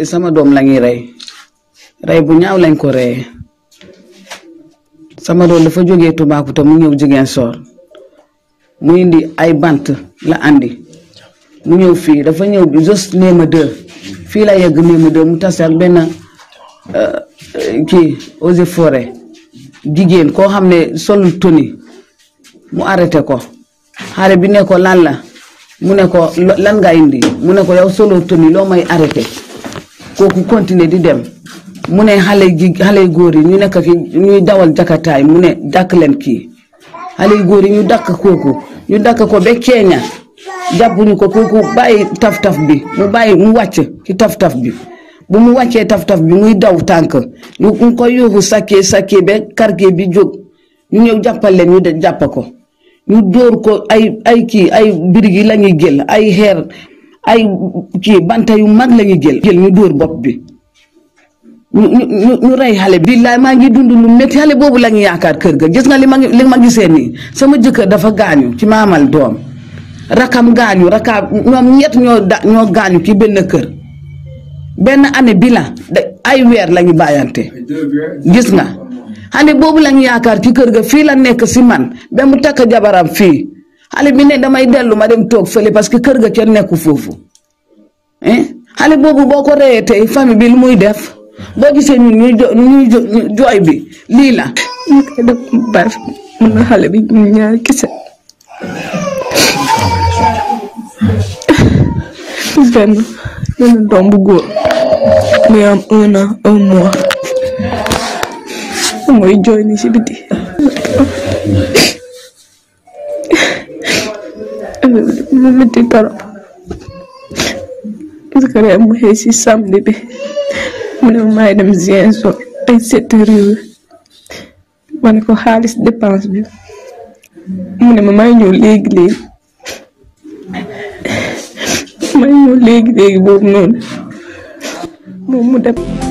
sama doom lañuy rey rey bu ñaaw lañ ko reyee sama doom dafa jógee Toubacouta mu ñëw Ziguinchor mu indi ay bant la andi mu ñëw fii dafa ñëw bi juste néema deux fii la yegg néema deux mu tase ak benn euh, kii eaux et jigéen koo xam ne solul toni mu arrêté ko xale bi ne ko lan la mu ne lan nga indi mu nekko ko yow solo toni loo may arrêté kooku continuer di dem mu ne xale ji xale góor yi ñu nekk fi ñuy dawal jakataay mu ne dàkk leen kii xale góor yi ñu dàkk kooku ñu dàkk ko ba keeña jàppuñu ko kooku bàyyi taf-taf bi mu bàyyi mu wàcc ki taf-taf bi bu mu wàccee taf-taf bi muy daw tànk ñu ngi ko yóbbu sakkee sakkee ba karkee bi jóg ñu ñëw jàppal leen ñu de jàpp ko ñu dóor ko ay ay kii ay birig yi gél ay xeer ay kii banta yu mag la jël jël ñu dóor bopp bi ñu ñu rey xale bi. billaay maa ngi dund lu métti xale boobu la ñu yaakaar kër ga gis nga li ma li ma gisee sama jëkkër dafa gaañu ci maamal doom rakam gaañu rakaam ñoom ñett ñoo da gaañu ci benn kër benn année bi ay weer la ñu bàyyante gis nga xale boobu la ñu yaakaar ci kër ga fii la nekk si man ba mu takk jabaram fii. xale bi ne damay dellu ma dem toog fële parce que kër ga kenn nekku foofu eh? xale boobu boo ko reyee tey famille bi muy def boo gisee ñun ñuy jo bi lii la. ñu koy def mu baax mun na bi ñun ñaar kese benn benn doom bu góor muy am un an un mois ni si dina métti torop parce que rek mu si samedi bi mu ne maay dem Ziguinchor ay sept heures ma ne ko xaalis dépense bi mu ne ma may ñëw léegi léegi may ñëw léegi léegi boobu noonu moom mu dem.